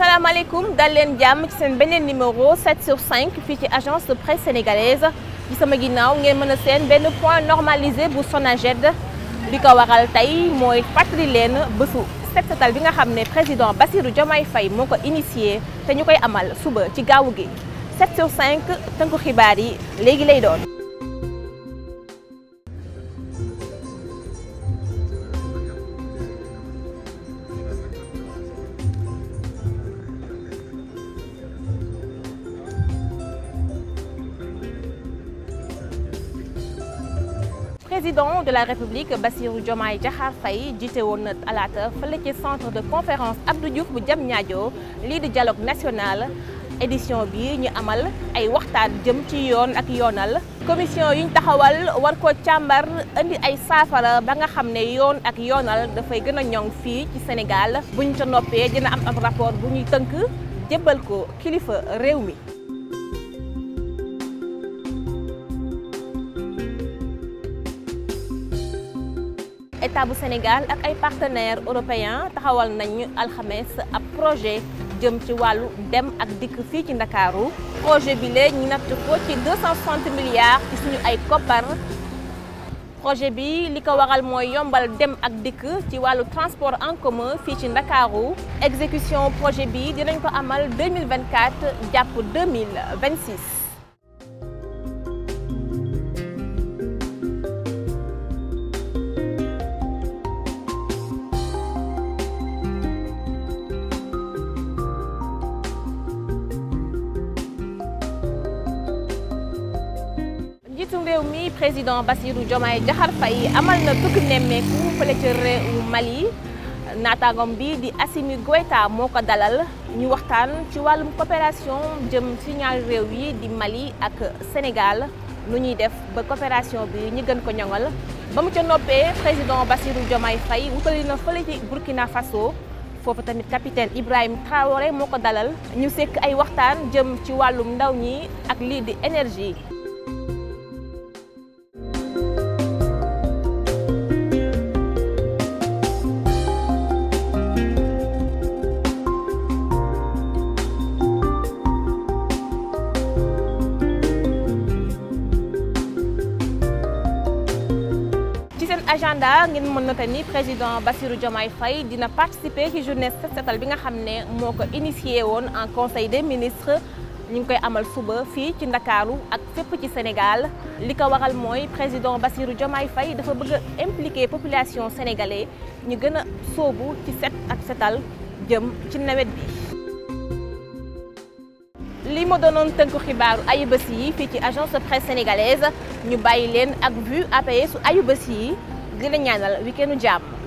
salaamaaleykum dal leen jàmm ci seen beneen numéro 7 sur 5 fii ci agence de presse sénégalaise ci sama ginnaaw ngeen mën a seen benn point normalisé bu SONAGED li ko waral tey mooy fàttali leen bésu set setal bi nga xam ne président Bassirou Diomaye Faye moo ko initié te ñu koy amal suba ci gaawu gi 7 sur 5 tënku xibaar yi léegi lay doon. président de la république Bassirou Diomaye Diakhar Faye jiite woon na talaata fële ci centre de conférence Abdou Diouf bu Diamniadio lii di dialogue national édition bi ñu amal ay waxtaan jëm ci yoon ak yoonal commission yuñ taxawal war ko càmbar indi ay saafara ba nga xam ne yoon ak yoonal dafay gën a ñoŋ fii ci Sénégal ñu ca noppee dina am ab rapport bu ñuy tënk jébbal ko kilifa réew mi état bu Sénégal ak ay partenaires européens taxawal nañu alxames ab projet jëm ci wàllu dem ak dikk fii ci Ndakaaru projet bi la ñu natt ko ci 260 milliards ci suñu ay koppar projet bi li ko waral mooy yombal dem ak dikk ci wàllu transport en commun fii ci Ndakaaru exécution projet bi dinañ ko amal 2024 jàpp 2026 ci réew mi président Bassirou Diomaye Diakhar Faye amal na tukki nemmeeku fële ca réewu Mali naataangoom bi di Assimi Goïta moo ko dalal ñu waxtaan ci wàllum coopération jëm ci ñaari réew yi di Mali ak Sénégal nu ñuy def ba coopération bi ñu gën ko ñoŋal ba mu ca noppee président Bassirou Diomaye Faye wutali na fële ci Burkina Faso foofu tamit capitaine Ibrahima Traoré moo ko dalal ñu sekk ay waxtaan jëm ci wàllum ndaw ñi ak lii di énergie agenda ngeen mën na ni président Bassirou Diomaye fay dina participer ci journée set setal bi nga xam ne moo ko initié woon en conseil des ministres ñu ngi koy amal suba fii ci Ndakaaru ak fépp ci Sénégal li ko waral mooy président Bassirou Diomaye Faye dafa bëgg a impliquer population sénégalaise ñu gën a sóobu ci set ak setal jëm ci nawet bi. li ma doonoon tënku xibaaru ayubés yi fii ci agent de presse sénégalaise ñu bàyyi leen ak vue APS su ayubés yi. di la ñaanal weekendu jàmm